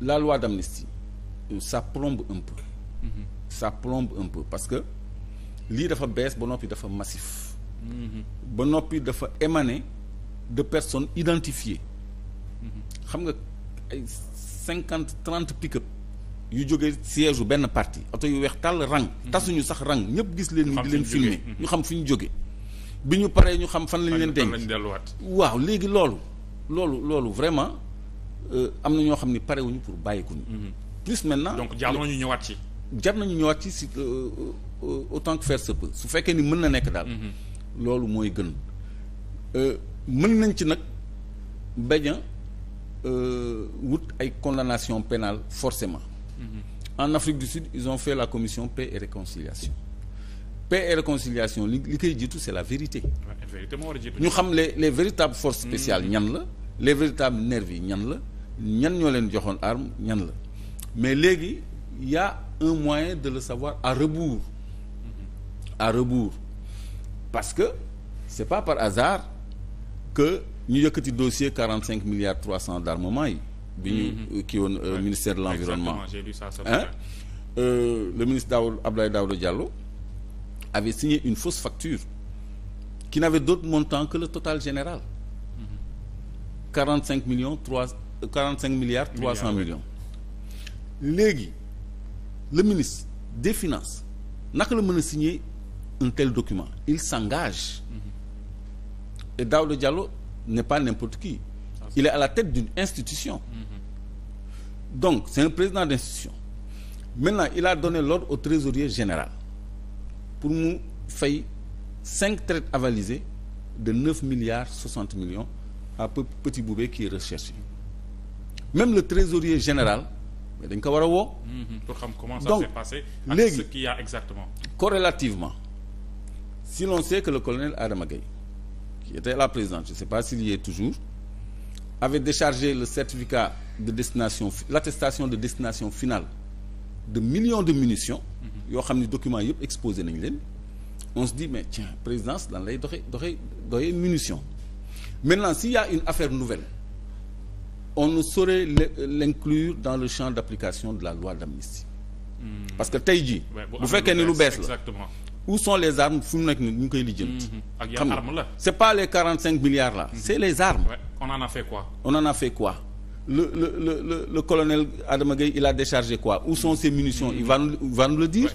la loi d'amnistie ça plombe un peu mm -hmm. ça parce que lii dafa bees ba noppi dafa massif mhm. ba noppi dafa émane de personnes identifiées xam nga ay cinquante trente pick-up yu jógee siège benn parti oto yu weex tàll rang mhm. tasuñu sax rang ñëpp gis leen ni di leen filmer ñu xam fi ñu jóge bi ñu paree ñu xam fan lañ leen denc waaw léegi loolu loolu loolu vraiment Euh, am na ñoo xam ni pare pour bàyyi ko ñu. Mhm. plus maintenant donc jar ñu ñëwaat ci. jar nañu ñëwaat ci si euh, euh, autant que faire se su fekkee ni mën na nekk daal. Mhm. loolu mooy gën. mën nañ ci nag bañ a wut ay condamnation pénale forcément. Mhm. en Afrique du Sud ils ont fait la commission paix et réconciliation. paix et réconciliation li li koy jiitu c'est la vérité. ñu xam le les véritables forces spéciales ñan la. les véritable nervis yi ñan la. ñan ñoo leen joxoon arme ñan la mais léegi y a un moyen de le savoir à rebours à rebours parce que c'est pas par hasard que ñu yëkkati dossier quarante cinq milliards trois cent d'armement yi bi ñu mm-hmm. euh, kii woon euh, ministère de l'environnement hein euh, le ministre Daoud Abdoulaye Daouda Diallo avait signé une fausse facture qui n'avait d'autre montant que le total général mm-hmm. quarante cinq millions trois quarante cinq milliards trois cent millions léegi le ministre des finances naka la mën a signer un tel document il s'engage mm -hmm. et Daouda Diallo n'est pas n'importe qui ah. il est à la tête d'une institution mm -hmm. donc c'est un président d'institution maintenant il a donné l'ordre au trésorier général pour mu fay cinq traites avalisées de milliards millions à petit boubé qui est recherché même le trésorier général mais dañ ko war a woo. Mhm, pour xam comment ça exactement. corrélativement si l'on sait que le colonel Adama Gaye qui était la présidente je ne sais pas s'il y est toujours avait déchargé le certificat de destination l'attestation de destination finale de millions de munitions. Mhm. yoo xam ni document yëpp exposé nañ leen. on se dit mais tiens présidence lan lay doxe doxee doxee munitions maintenant s'il y a une affaire nouvelle. on ne saurait l'inclure dans le champ d'application de la loi d'amnistie hmm. parce que tey jii. bu fekkee ni lu bees la où sont les armes fu mu nekk nii ñu koy lijjanti. Hmm, hmm. ak yan armes la c'est pas les quarante cinq milliards là. c'est les armes. on a fait quoi. a fait quoi le le le le, le colonel Adama Gueye il a déchargé quoi où sont ses munitions. il va nous le dire.